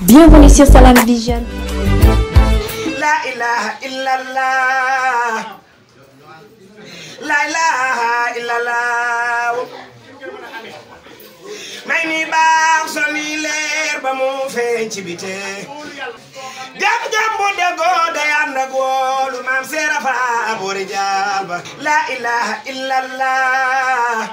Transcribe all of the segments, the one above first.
Bienvenue sur Salam Vision. La ilaha illallah. La ilaha illallah. may ni leer ba mu feeñ ci bite. jam-jam bu déggoo day ànd ak wóolu maam fa aboori jaal ba. La ilaha illallah.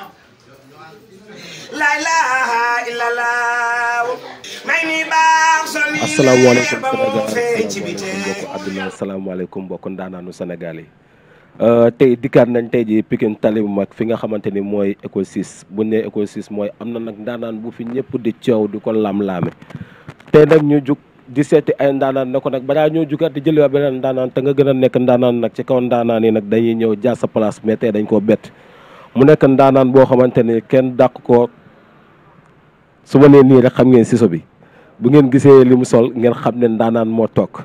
asalaamaaleykum Sénégal mbokk àdduna asalaamaaleykum mbokk ndaanaanu Sénégal yi euh, tey dikkaat nañ tey ji Pikine tali bu mag fi nga xamante ni mooy école 6 bu ne école 6 mooy am na nag ndaanaan bu fi ñëpp di coow di ko laam laame tey nag ñu jug di seeti ay ndaanaan ne ko nag balaa ñoo jugaat di jëliwaat beneen ndaanaan te nga gën a nekk ndaanaan nag ci kaw ndaanaan nag dañuy ñëw jaar sa place mais dañ koo bett mu nekk ndaanaan boo xamante ni kenn dàq ko suma ma nee nii rek xam ngeen siso bi bu ngeen gisee li mu sol ngeen xam ne ndaanaan moo toog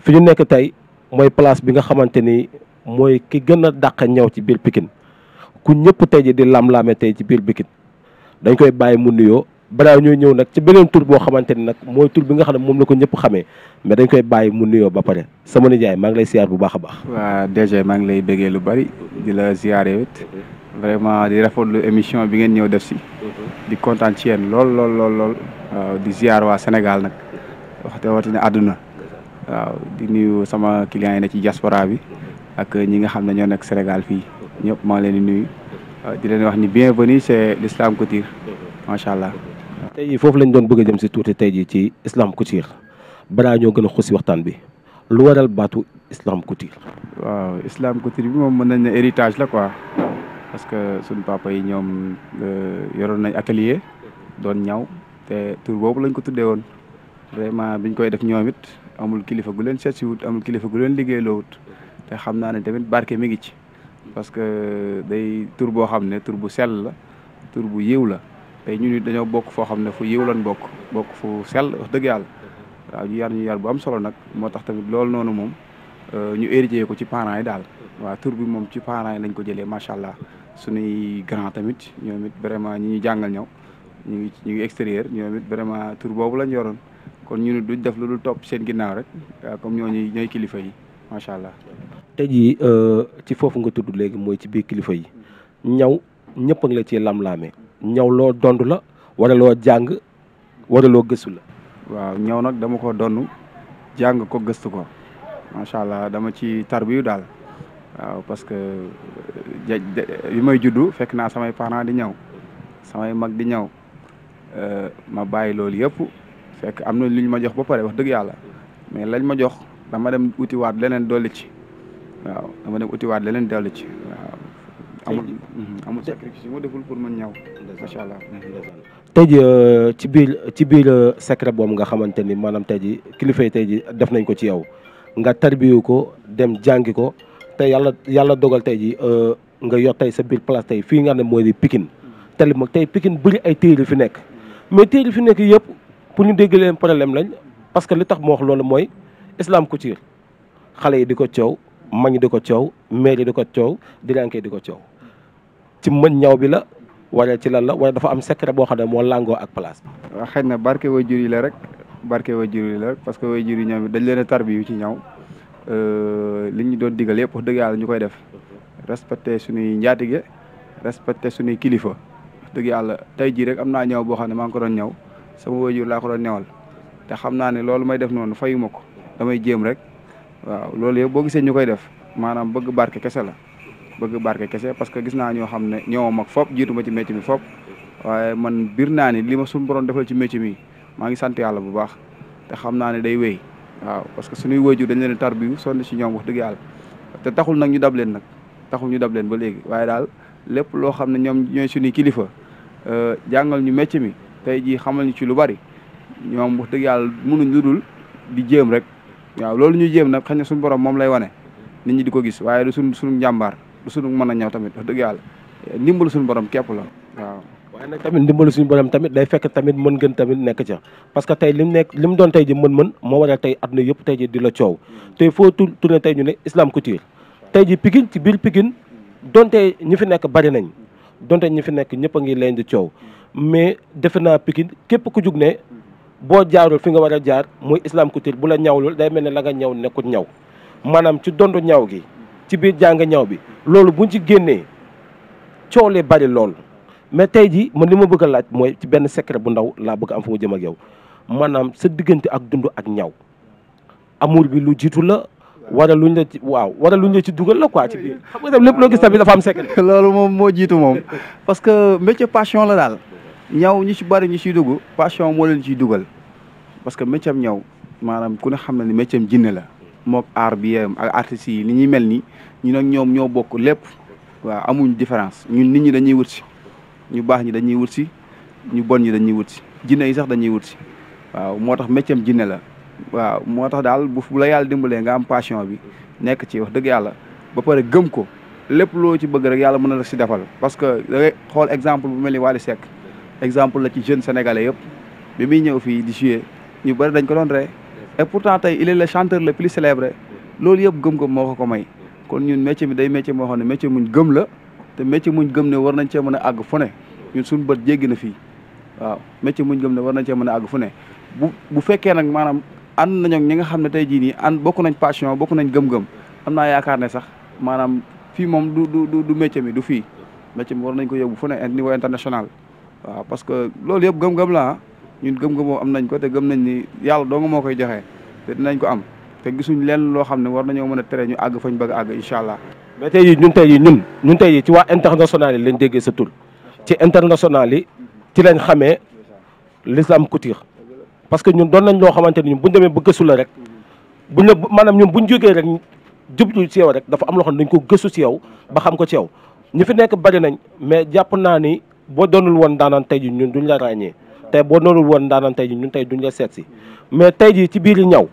fi ñu nekk tey mooy place bi nga xamante ni mooy ki gën a dàq ñëw ci biir Pikine ku ñëpp tey ji di lam-laame tey ci biir Pikine dañ koy bàyyi mu nuyoo balaa ñuy ñëw nag ci beneen tur boo xamante ni nag mooy tur bi nga xam ne moom la ko ñëpp xamee mais dañ koy bàyyi mu nuyoo ba pare sama nijaay maa ngi lay siyaar bu baax a baax. waa DG maa ngi lay bëggee lu bari di la siyaaree wet vraiment di rafetlu émission bi ngeen ñëw def si. Mhm. di kontaan ci yéen lool lool lool lool. waaw di ziar waa Sénégal nag wax te wati ne àdduna waaw di nuyu sama clients yi na ci diaspora bi ak ñi nga xam ne ñoo nekk Sénégal fii ñëpp maa leen di nuyu di leen wax ni bienvenue c'est l'Islam Couture macha allah. tey jii foofu lañ doon bëgg a jëm si tuuti tey jii ci Islam Couture balaa ñoo gën a xusi waxtaan bi lu waral baatu Islam Couture. waaw Islam Couture bi moom mën nañ ne héritage la quoi parce que suñ papa yi ñoom euh, yoroon nañ atelier doon ñaw. te tur boobu lañ ko tuddee woon vraiment biñ koy def ñoom it amul kilifa gu leen seet wut amul kilifa gu leen liggéey loo te xam naa ne tamit barke mi ngi ci parce que day tur boo xam ne tur bu sell la tur bu yiw la tey ñun dañoo bokk foo xam ne fu yiw lañ bokk bokk fu sell dëgg yàlla yar ñu yar bu am solo nag moo tax tamit loolu noonu moom euh, ñu hérité ko ci parents yi daal waa tur bi moom ci parents yi lañ ko jëlee macha allah suñuy grand tamit ñoomit vraiment ñi ñu jàngal ñëw ñu ngi ñu ngi extérieur ñoom vraiment tur boobu lañ yoroon kon ñu ne duñ def lu dul topp seen ginnaaw rek comme ñooñu ñooy kilifa yi macha allah. tey jii euh, ci foofu nga tudd léegi mooy ci biir kilifa yi ñaw ñëpp a la ci lamlaamee ñaw loo dond la wala jàng wala gëstu la. waaw ñaw nag dama ko donn jàng ko gëstu ko macha allah dama ci tarbiyu daal waaw parce que ja bi may juddu fekk naa samay parent di ñaw samay mag di ñaw. ma bàyyi loolu yëpp fekk am na lu ñu ma jox ba pare wax dëgg yàlla mais lañ ma jox dama dem utiwaat leneen dolli ci waaw dama dem utiwaat leneen dolli ci waaw. amul mhm, deful pour mën ñaw. macha allah. tey jii euh, ci biir ci biir euh, secret boobu nga xamante ni maanaam tey jii kilifa tey jii def nañ ko ci yow nga tarbiyu ko dem jàngi ko te yàlla yàlla dogal tey jii euh, nga yor tey sa biir place tey fii nga xam ne mooy di Pikine. te li mag tey Pikine bëri ay téere fi nekk. mais téere fi nekk yëpp pour ñu dégg leen problème lañ parce que li tax mo wax loolu mooy islam couture xale yi di ko coow mag ñi di ko coow maire yi di ko coow dirankee di ko coow ci mën ñaw bi la wala ci lan la wala dafa am secret boo xam ne moo làngoo ak place bi. xëy na barke waajur yi la rek barke waajur yi la parce que waajur yi ñoom dañ leen a tarbiyu ci ñaw euh, li ñu doon digal yëpp wax dëgg yàlla ñu koy def respecté suñuy njaatige respecté suñuy kilifa. wax dëgg yàlla tey jii rek am naa ñëw boo xam ne maa ngi ko doon ñëw sama waajur laa ko doon ñawal te xam naa ne loolu may def noonu fayu ma ko damay jéem rek waaw loolu yëpp boo gisee ñu koy def maanaam bëgg barke kese la bëgg barke kese parce que gis naa ñoo xam ne ñoo mag fop jiitu ma ci métier mi fop waaye man biir naa ne li ma suñu borom defal ci métier mi maa ngi sant yàlla bu baax te xam naa ne day wéy waaw parce que suñuy waajur dañ leen tarbiyu sonn ci ñoom wax dëgg yàlla te taxul nag ñu dab leen nag taxul dab leen ba léegi waaye daal lépp loo xam ne ñoom ñooy suñuy kilifa Euh, jàngal ñu métier mi tey jii xamal ñu ci lu bari ñoom wax dëgg yàlla mënuñ lu dul di jéem rek waaw loolu ñu jéem nag xëy na suñu borom moom lay wane nit ñi di ko gis waaye du suñ njàmbaar du suñu mën a ñëw tamit wax dëgg yàlla ndimbalu suñu borom képp la waaw. waaye nag tamit ndimbalu suñu borom tamit day fekk tamit mën gën tamit nekk ca parce que tey li mu nekk li mu doon tey ji mën-mën moo waral tey àdduna yëpp tey ji di la coow tey foo tourné tey ñu ne Islam Couture tey ji Pikine ci biir Pikine donte ñi fi nekk bari nañ donte ñi fi nekk ñëpp a ngi leen di coow mais defe naa Pikine képp ku jug ne boo jaarul fi nga war a jaar muy Islam Couture bu la ñaw loolu day mel ne la nga ñaw nekkul ñaw maanaam ci dondu ñaw gi ci biir jàng ñaw bi loolu buñ ci génnee coow lee bari lool mais tey jii mën li ma bëgg a laaj mooy ci benn secret bu ndaw laa bëgg am fu mu jëm ak yow maanaam sa diggante ak dund ak ñaw amour bi lu jiitu la wara luñ la ci waaw wara luñ la ci dugal la quoi ci biir xam lépp loo gis tamit dafa am secret. loolu moom moo jiitu moom parce que métier passion la daal ñaw ñi ci bari ñi ciy dugg moo leen ciy dugal parce que métier am ñaw maanaam ku ne xam na ne métier am jinne la mook art a ak artistes yi ni ñuy mel ni ñu nag ñoom ñoo bokk lépp waaw amuñ différence ñun nit ñi dañuy wut si ñu baax ñi dañuy wut si ñu bon ñi dañuy wut si jinne yi sax dañuy wut si moo tax métier jinne la waaw moo tax daal bu la yàlla dimbalee nga am passion bi nekk ci wax dëgg yàlla ba pare gëm ko lépp loo ci bëgg rek yàlla mun na la si defal parce que da xool exemple bu mel ni waa Wally Seck exemple la ci jeune sénégalais yëpp bi muy ñëw fii di jouer ñu bari dañ ko doon ree et pourtant tey il est le chanteur le plus célèbre loolu yëpp gëm ko moo ko ko may kon ñun métier bi day métier moo xam ne métier muñ gëm la te métier muñ gëm ne war nañ cee mën àgg fu ne ñun bët jéggi na fii waaw métier muñ gëm ne war nañ cee mën a àgg fu ànd nañu ak ñi nga xam ne tey jii nii ànd bokk nañ passion bokk nañ gëm-gëm am naa yaakaar ne sax maanaam fii moom du du du métier mi du fii métier mi war nañ ko yóbbu fu ne niveau international waaw parce que loolu yëpp gëm-gëm la ñun gëm-gëm boobu am nañ ko te gëm nañ ni yàlla dong moo koy joxe te dinañ ko am te gisuñ leen loo xam ne war nañoo mën a tere ñu àgg fañ bëgg àgg incha allah. mais tey jii ñun tey jii ñun ñun tey jii ci waa international yi lañ déggee sa tur ci international yi ci lañ xamee l'islam parce que ñun doon nañ loo xamante ni bu ñu demee ba gëstu la rek maanaam ñun buñ jógee rek jublu ci yow rek dafa am loo dañ ko gësu ci yow ba xam ko ci yow ñu fi nekk bari nañ mais jàpp naa ni boo doonul woon daanaan tey ji ñun duñ la ràññee te boo doonul woon daanaan tey ñu ñun tey duñ la seet si mais tey ji ci biir yi ñaw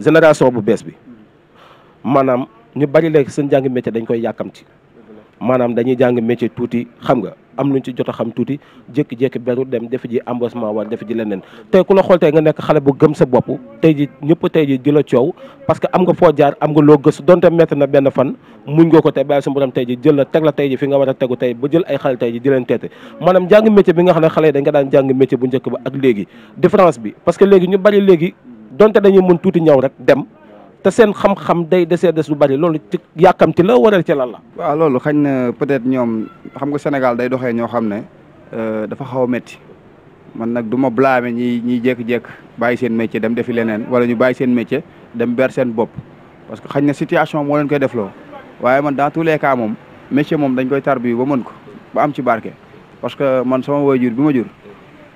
génération bu bees bi maanaam ñu bari léegi seen jàng métier dañ koy yàkkamti maanaam dañuy jàng métier tuuti xam nga am luñ ci jot a xam tuuti jékki-jékki beru dem def ji embossement wala def ji leneen te ku la xool tey nga nekk xale bu gëm sa bopp tey ji ñëpp tey ji di la coow parce que am nga foo jaar am nga loo gëstu donte métti na benn fan muñ nga ko tey bàyyi ji jël la teg la tey ji fi nga war a tegu tey ba jël ay xale tey ji di leen teete maanaam jàng métier bi nga xam ne xale yi dañ nga daan jàng métier bu njëkk ba ak léegi différence bi parce que léegi ñu bari léegi donte dañuy mën tuuti ñaw rek dem te seen xam-xam day desee des lu bari loolu ci yàkkamti la waral ci lan la. waaw loolu xañ na peut-être ñoom xam nga Sénégal day doxe ñoo xam ne euh, dafa xaw a métti man nag du ma blâmer ñi ñiy jékki-jékki bàyyi seen métier dem defi leneen wala ñu bàyyi seen métier dem ber seen bopp parce que xañ na situation moo leen koy defloo waaye man dans tous les moom métier moom dañ koy tarbi ba mën ko ba am ci barke. parce que man sama waajur bi ma jur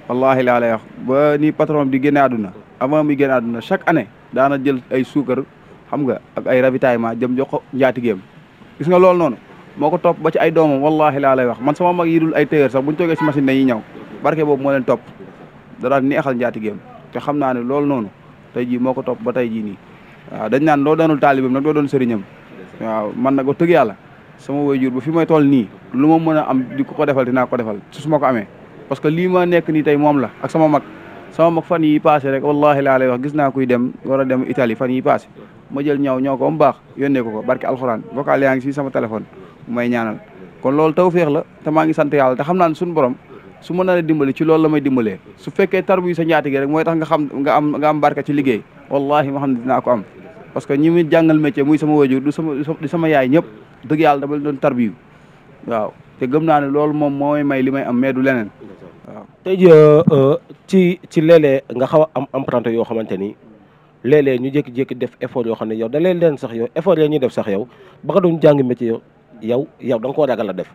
wallaahi laa lay wax ba ni patron di génne àdduna avant muy génne àdduna chaque année. daana jël ay suukar xam nga ak ay ravitaillement jëm jox ko njaatigeem gis nga loolu noonu moo ko topp ba ci ay doomam wallahi laa lay wax man sama mag yi dul ay tailleur sax buñ toogee si machine dañuy ñëw barke boobu moo leen topp dara neexal njaatigeem te xam naa ne loolu noonu tey jii moo ko topp ba tey jii nii waaw dañ naan loo doonul taalibeem nag doo doon sëriñam waaw man nag wax dëgg yàlla sama waajur ba fi may toll nii lu ma mën a am di ko ko defal dinaa ko defal su ma ko amee parce que lii ma nekk nii tey moom la ak sama mag sama mag fan yi passé rek wallahi laa lay wax gis naa kuy dem war dem Italie fan yi passé ma jël ñaw ñoo ko mu baax yónnee ko ko barke alxuraan vocal yaa ngi si sama téléphone may ñaanal kon loolu tawféex la te maa ngi sant yàlla te xam naa ne su ma nar a dimbali ci loolu la may dimbalee su fekkee tarbu sa mooy tax nga xam nga am nga am barka ci liggéey wallahi ma yaay ñëpp dëgg yàlla dama doon tarbiyu waaw te gëm naa ne loolu moom mooy may li may am mais du leneen ci ci léeg nga xaw a am emprunté yoo xamante ni léeg ñu jékki-jékki def effort yoo xam ne yow da leen leen sax yow effort yoo ñuy def sax yow ba nga doon jàng métier yow yow da nga koo ragal a def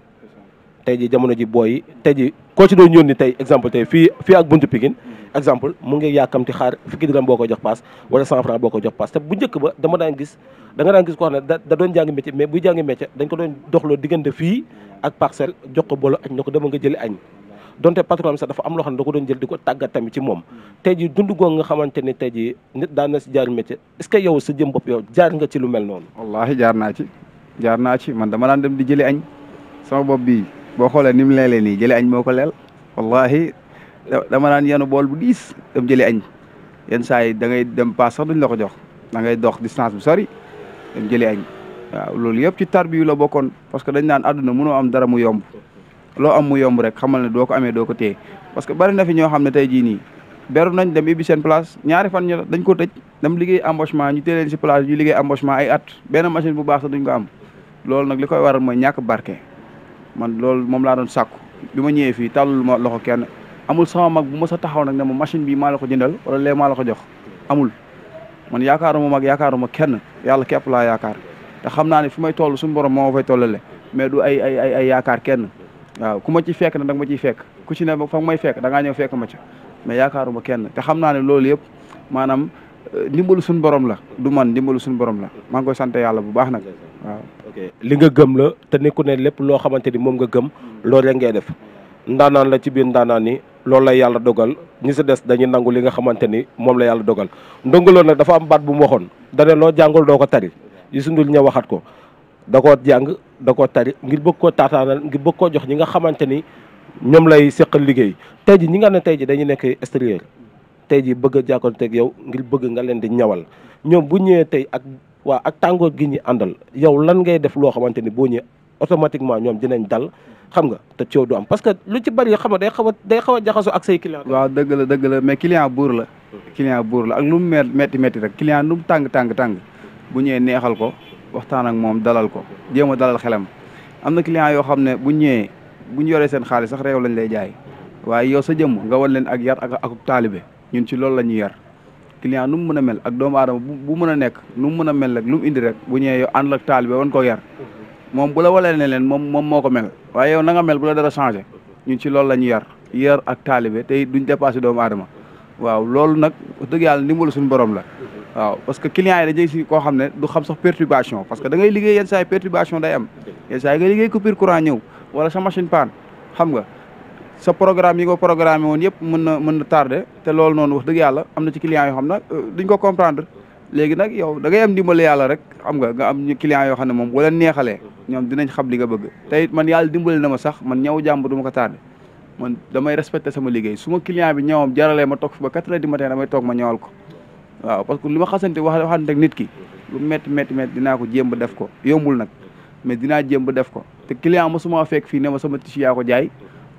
tey ji jamono ji booy tey ji koo ci doon yónni tey exemple fii fii ak buntu Pikine exemple mu ngi yàkkamti xaar fukki dërëm boo ko jox paas wala cent franc boo ko jox paas te bu njëkk ba dama daan gis da nga daan gis ko xam ne da doon jàng métier mais buy jàng métier dañ ko doon doxloo diggante fii ak parcelle jox ko bolo añ na ko dama nga jëli añ donte patron am sax dafa am loo xam ne da ko doon jël di ko tàggat tamit ci moom tey ji dund goog nga xamante ni tey ji nit daan na si jaar métier est-ce que yow sa jëm bopp yow jaar nga ci lu mel noonu wallaahi jaar naa ci jaar naa ci man dama daan dem di jëli añ sama bopp bi boo xoolee ni mu leelee nii jëli añ moo ko leel wallaahi dama daan yenu bool bu diis dem jëli añ yenn saa yi da ngay dem paas sax duñ la ko jox da ngay dox distance bu sori dem jëli añ waaw loolu yëpp ci tarbiyu la bokkoon parce que dañ naan àdduna mënoo am dara mu yomb loo am mu yomb rek xamal ne doo ko amee doo ko téye parce que barina fi ñoo xam ne tey jii nii beru nañ dem ibbi seen place ñaari fan ñu dañ ko tëj dem liggéey embauchement ñu téye leen si place ñu at benn machine bu baax sax ko am loolu nag li koy waral mooy ñàkk barke man loolu moom laa doon sàkku bi ma ñëwee fii tàllul ma loxo kenn amul sama mag bu ma sa taxaw nag ne ma machine bi maa la ko jëndal wala lee maa la ko jox amul man yaakaaruma mag yaakaaruma kenn yàlla képp laa yaakaar te xam naa ne fi may toll suñu borom moo ma fay tollale mais du ay ay ay ay yaakaar kenn waaw ku ma ci fekk na da nga ma fekk ku ci ne fa may fekk da ngaa ñëw fekk ma ca mais yaakaaruma kenn te xam naa ne loolu yëpp maanaam euh, ndimbalu suñu boroom la du man ndimbalu suñu borom la maa ngi koy sant yàlla bu baax nag li nga gëm la te nekku ne lépp loo xamante ni moom nga gëm loolu rek ngay def ndaanaan la ci biir ndaanaan yi loolu la yàlla dogal ñi si des dañuy nangu li nga xamante ni moom la yàlla dogal ndongoloo nag dafa am baat bu mu waxoon da ne loo jàngul doo ko tari yi sundul ña waxat ko da koo jàng da tari ngir bëgg koo taataanal ngir bëgg koo jox ñi nga xamante ni ñoom lay seqal liggéey tey ji ñi nga xam ne tey ji dañuy nekk extérieur tey ji bëgg a jàkkoonteeg yow ngir bëgg nga leen di ñawal ñoom bu ñëwee tey ak waa ak tàngoor gi ñu àndal yow lan ngay def loo xamante ni boo ñëwee automatiquement ñoom dinañ dal xam nga te coow du am parce que lu ci bari xam nga day xaw a day xaw a jaxasoo ak say client waaw dëgg la dëgg la mais client buur la client buur la ak lu mu metti metti rek client lu mu tàng tàng tàng bu ñëwee neexal ko waxtaan ak moom dalal ko jéem a dalal xelam am na client yoo xam ne bu ñëwee bu ñu yoree seen xaalis sax réew lañ lay jaay waaye yow sa jëmm nga wan leen ak yar ak ak taalibe ñun ci loolu la ñuy yar client nu mu mën a mel ak doomu aadama bu mën a nekk nu mu mën a mel rek lu indi rek bu ñëwee ànd ak taalibe wan ko yar moom bu la walee ne leen moom moom moo ko mel waaye yow na mel bu la dara changé ñun ci loolu la ñuy yar yar ak taalibe te duñ dépassé doomu adama waaw loolu nag dëgg yàlla ndimbalu suñu boroom la waaw parce que client yi koo xam ne du xam sax perturbation parce que da ngay liggéey yenn saa yi perturbation day am yenn saa yi nga liggéey coupure courant ñëw wala sa machine panne xam nga sa programme yi nga programmé woon yëpp mën na mën na tardé te loolu noonu wax dëgg yàlla am na ci client yoo xam ne euh, duñ ko comprendre léegi nag yow da am dimbali yàlla rek xam nga nga am ñu client yoo xam ne moom wala neexalee ñoom dinañ xam li nga bëgg te man yàlla dimbali na ma sax man ñëw jàmb du ma ko tardé man damay respecté sama liggéey su ma client bi ñëwam jaralee ma toog fi ba quatre heures du toog ma ñëwal waaw parce que li ma xasante wax waxante ak nit ki lu métti métti métti dinaa ko jéem ba def ko yombul nag mais dinaa jéem ba def ko te client mosuma fekk fii ne ma sama tissu ko jaay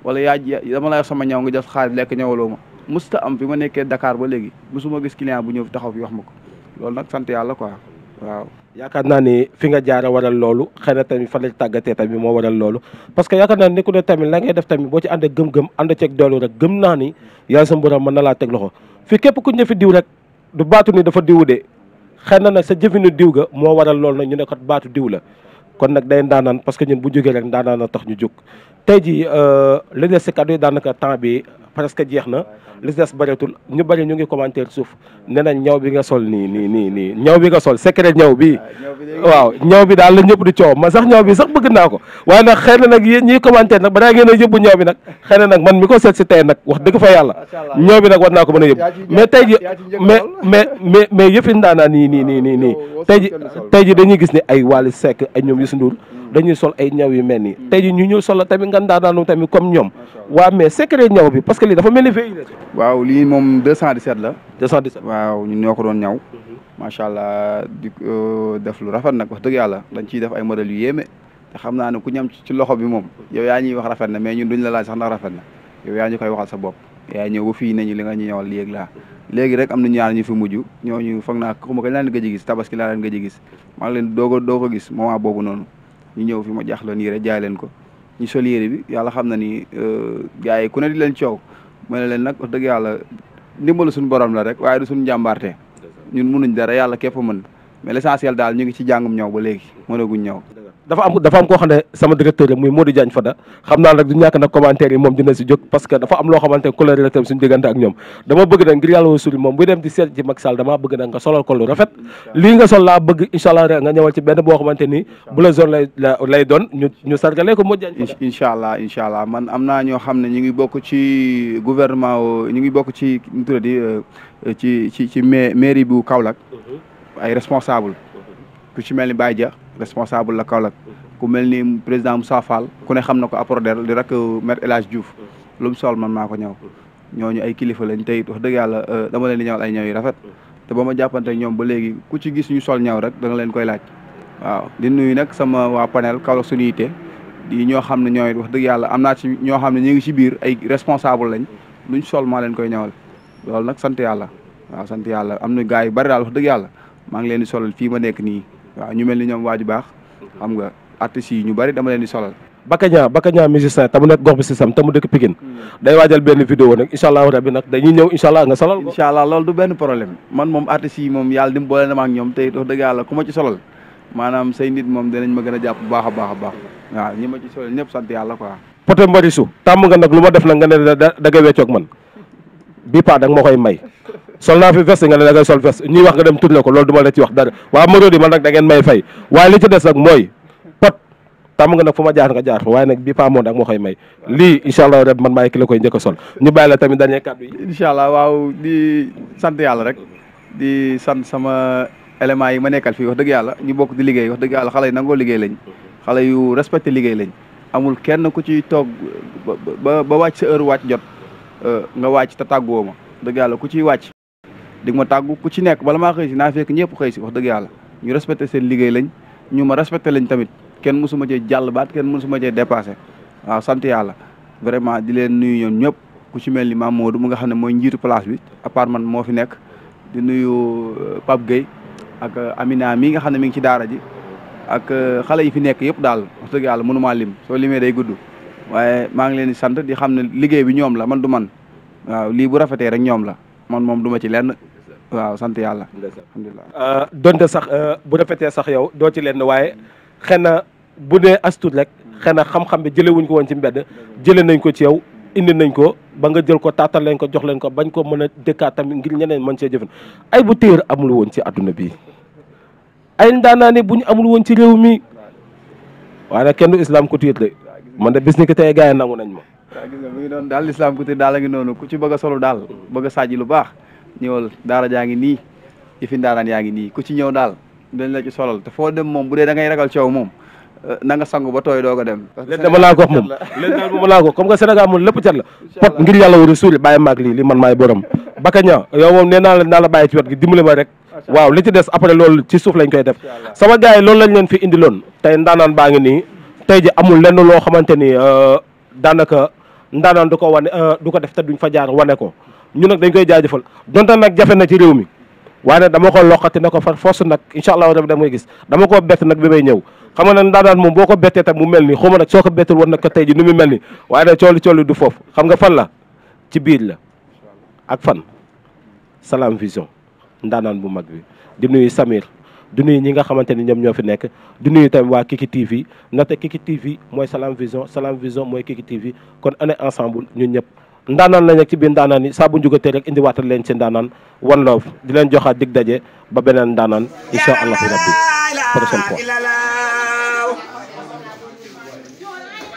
wala yaa dama la sama ñaw nga def xaalis lekk ñawaloo ma musta am bi ma nekkee Dakar ba léegi mosuma gis client bu ñëw fi taxaw fi wax ma ko loolu nag sant yàlla quoi waaw yaakaar naa ni fi nga jaar jaara waral loolu xëy na fa fan la tàggatee tamit moo waral loolu parce que yaakaar naa ni ku ne tamit la ngay def tamit boo ci ànd gëm-gëm ànd ceeg doolu gëm naa ni yàlla sa mboram mën na laa teg loxo fi képp ku ñu fi diw rek du baatu ni dafa diw de xëy na nag sa jëfinu diw ga moo waral loolu nag ñu ne kat baatu diw la kon nag day ndaanaan parce que ñun bu jógee rek ndaanaan a tax ñu jug tey ji euh, li des si kàddu daanaka temps bi presque jeex na li des bëreetul ñu bëri ñu ngi commentaire suuf nee ñaw bi nga sol nii nii nii ñaw bi nga sol secret ñaw bi ah, waaw ñaw bi daal la di coow man sax na nag ngeen a yóbbu ñaw bi nag xëy na nag man mi ko seet si tey nag wax dëgg fa yàlla ñaw bi nag war naa ko mën a yóbbu mais tey ji mais mais mais mais yëfi ndaanaa nii nii gis ne ay Wally Seck ay ñoom Youssou Ndour dañuy sol ay ñaw yu mel nii mm. tey ji ñu ñëw solo tamit nga daanaanu tamit comme ñoom waaw mais secret ñaw bi parce que lii dafa mel ni fii waaw lii moom 217 la 217 waaw ñun ko doon ñaw mm-hmm. macha allah di euh, def lu rafet nag wax dëgg yàlla dañ ciy def ay modèles yu yéeme te xam naa ne ku ñam ci loxo bi moom yow yaa ñuy wax rafet na mais ñun duñ la laaj sax ndax rafet na yow ñu koy waxal sa bopp yaa ñëw ba fii nañu li nga ñu ñëwal léegi laa léegi rek am na ñaar ñu fi mujj ñooñu foog naa xuma kañ laa leen gëj a gis tabaski laa leen gëj a gis maa ngi leen doog a doog a gis moment boobu noonu ñu ñëw fi ma jaax leen yére jaay leen ko ñu sol yére bi yàlla xam na ni euh, gars yi ku ne di leen coow ma ne leen nag wax dëgg yàlla ndimbalu suñu borom la rek waaye du suñu njàmbaarte ñun munuñ dara yàlla képp mën mais l' essentiel daal ñu ngi ci jàngum ñëw ba léegi mënaguñ ñëw dafa am dafa am koo xam ne sama directeur muy Modou ñàkk nag commentaire yi moom dina si jóg parce que dafa am loo xamante ne couleur la tam suñu diggante ak ñoom dama bëgg nag ngir di seet ci Macky Sall nga solal ko lu rafet lii nga sol laa bëgg incha allah ñu ñu ko Modou Diagne Fada incha allah incha am naa ñoo xam ne ñu ngi bokk ci gouvernement ñu ngi bokk ci ñu tuddee di euh, ci ci ci mairie bu Kaolack mm-hmm. ay responsable ku ci mel ni baay ja responsable la Kaolack ku mel ni président Moussa Fall ku ne xam na ko apporter di rek euh, maître El Hadj Diouf sol man maa ko ñaw ñooñu ay kilifa lañ tey wax dëgg yàlla euh, dama leen di ay ñëw yu rafet te ba ma jàppante ñoom ba léegi ku ci gis ñu sol ñaw rek da leen koy laaj waaw di nuyu nag sama waa panel Kaolack suñu yite di ñoo xam ne ñooy wax dëgg yàlla am naa ci ñoo xam ne ñu ngi ci biir ay responsable lañ luñ sol maa leen koy ñëwal loolu nag sant yàlla waaw yàlla am na gars yu bari daal dëgg yàlla maa ngi leen di solal fii ma nekk nii waaw ñu mel ni ñoom waaju baax xam nga artistes ñu bari dama leen di solal Bakaña Bakaña musicien te mu nekk gox bi si sam te mu dëkk benn vidéo nag incha allah rabbi nag dañuy ñëw incha allah nga solal incha allah loolu du benn problème man moom artistes yi moom yàlla di mu boole na ma ak ñoom te wax dëgg yàlla say nit moom danañ ma gën a jàpp baax a baax a baax waaw ñi ma ci solal ñëpp sant yàlla quoi Poté Marichou tàmm nga nag lu ma def nag nga ne da da nga weccoog man bi pa da ma koy may sol naa fi veste nga ne da ngay sol veste ñuy wax nga dem tourné ko loolu du ma la ci wax dara waa Marodi man nag da may fay waaye li ci des nag mooy pot tàmm nga nag fu ma jaar nga jaar fa nag bi pa moon ak moo koy may lii incha allah rek man maay ki la koy njëkk sol ñu bàyyi la tamit dernier kàddu yi incha waaw di sant yàlla rek di sant sama éléments yi ma nekkal fi wax dëgg yàlla ñu bokk di liggéey wax dëgg yàlla xale yi nangoo liggéey yu respecté liggéey lañ amul kenn ku ci toog ba ba wàcc sa heure wàcc jot euh, nga wàcc te tàgguwoo ma dëgg yàlla ku ciy wàcc di ma tàggu ku ci nekk bala maa xëy si naa fekk ñëpp xëy si wax dëgg yàlla ñu respecté seen liggéey lañ ñu ma respecté lañ tamit kenn mësuma jee jàll baat kenn mësuma cee dépassé waaw sant yàlla vraiment di leen nuyu ñoom ñëpp ku ci mel ni maam Modou mu nga xam ne mooy njiitu place bi man moo fi nekk di nuyu euh, Pape Gueye ak euh, Amina mii nga xam ne mi ngi ci daara ji ak euh, xale yi fi nekk yëpp daal wax dëgg yàlla mënumaa lim soo limee day gudd waaye maa ngi leen di sant di xam ne liggéey bi ñoom la man du man waaw lii bu rafetee rek ñoom la man moom du ma ci lenn. waaw sant yàlla. alhamdulilah euh, donte sax euh, bu rafetee sax yow doo ci lenn waaye xëy na bu dee astuut rek xëy na xam-xam jële wuñ ko woon ci mbedd jële nañ ko ci yow indi nañ ko ba nga jël ko taatal leen ko jox leen ko bañ ko mën a dëkkaat tamit ngir ñeneen man cee jëfin ay bu téer amul woon ci àdduna bi ay ndaanaane bu ñu amul woon ci réew mi waaye nag kenn du islam ko tiir de man de bis ni ko tey gars yi nangu nañ ma waaw gis nga mu lislaam ku daal a ngi noonu ku ci bëgg a solu daal bëgg a sàjji lu baax ñëwal daara a ngi nii yëfi ndaaraan yaa ngi nii ku ci ñëw daal dañ la ci solal te foo dem moom bu dee da ngay ragal coow moom eh, na nga sangu ba tooy doog a dem léegi dama laa ko wax moom léegi daal la pot ngir yàlla war a leen fi indi loon nii euh, daanaka ndaanaan du ko wane euh, du ko def te duñ fa jaar wane ko ñu nag dañ koy jaajëfal donta nag jafe na ci réew mi waaye dama ko loqati na ko far force nag incha allahu rabi da koy gis dama koo bett nag bi may ñëw xam nga nag ndaanaan moom boo ko bettee tam mu mel ni xuma nag soo ko bettul woon nag ko tey ji ni mu mel ni waaye nag cooli cooli du foofu xam nga fan la ci biir la ak fan Salam Vision ndaanaan bu mag bi di nuyu samiir du nuyu ñi nga xamante ni ñoom ñoo fi nekk du nuyu tamit waa Kiki TV ndaxte Kiki TV mooy Salam Vision Salam Vision mooy Kiki TV kon on est ensemble ñun ñëpp ndaanaan la rek ci biir ndaanaan yi saa bu njugatee rek indi leen ci ndaanaan One Love leen joxaat dig ba beneen ndaanaan incha allahu rabbi prochaine fois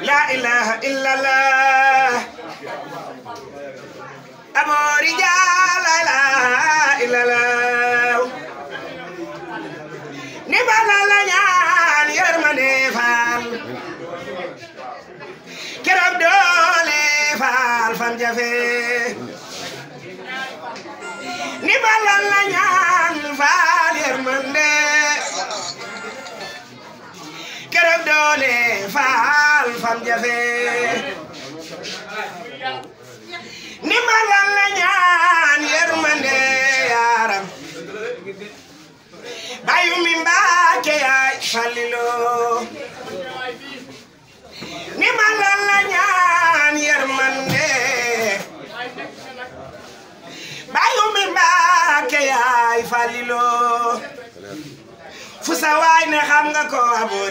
la ilaha illallah bala doole faal fan jafe ni bala la faal yërmande keroog doole faal fan jafe ni bala la ñaan ayumi Mbàkke yaay Falilu ni ma la la ñaan yërmande ayumi Mbàkke yaay Falilu fu sa ne xam nga ko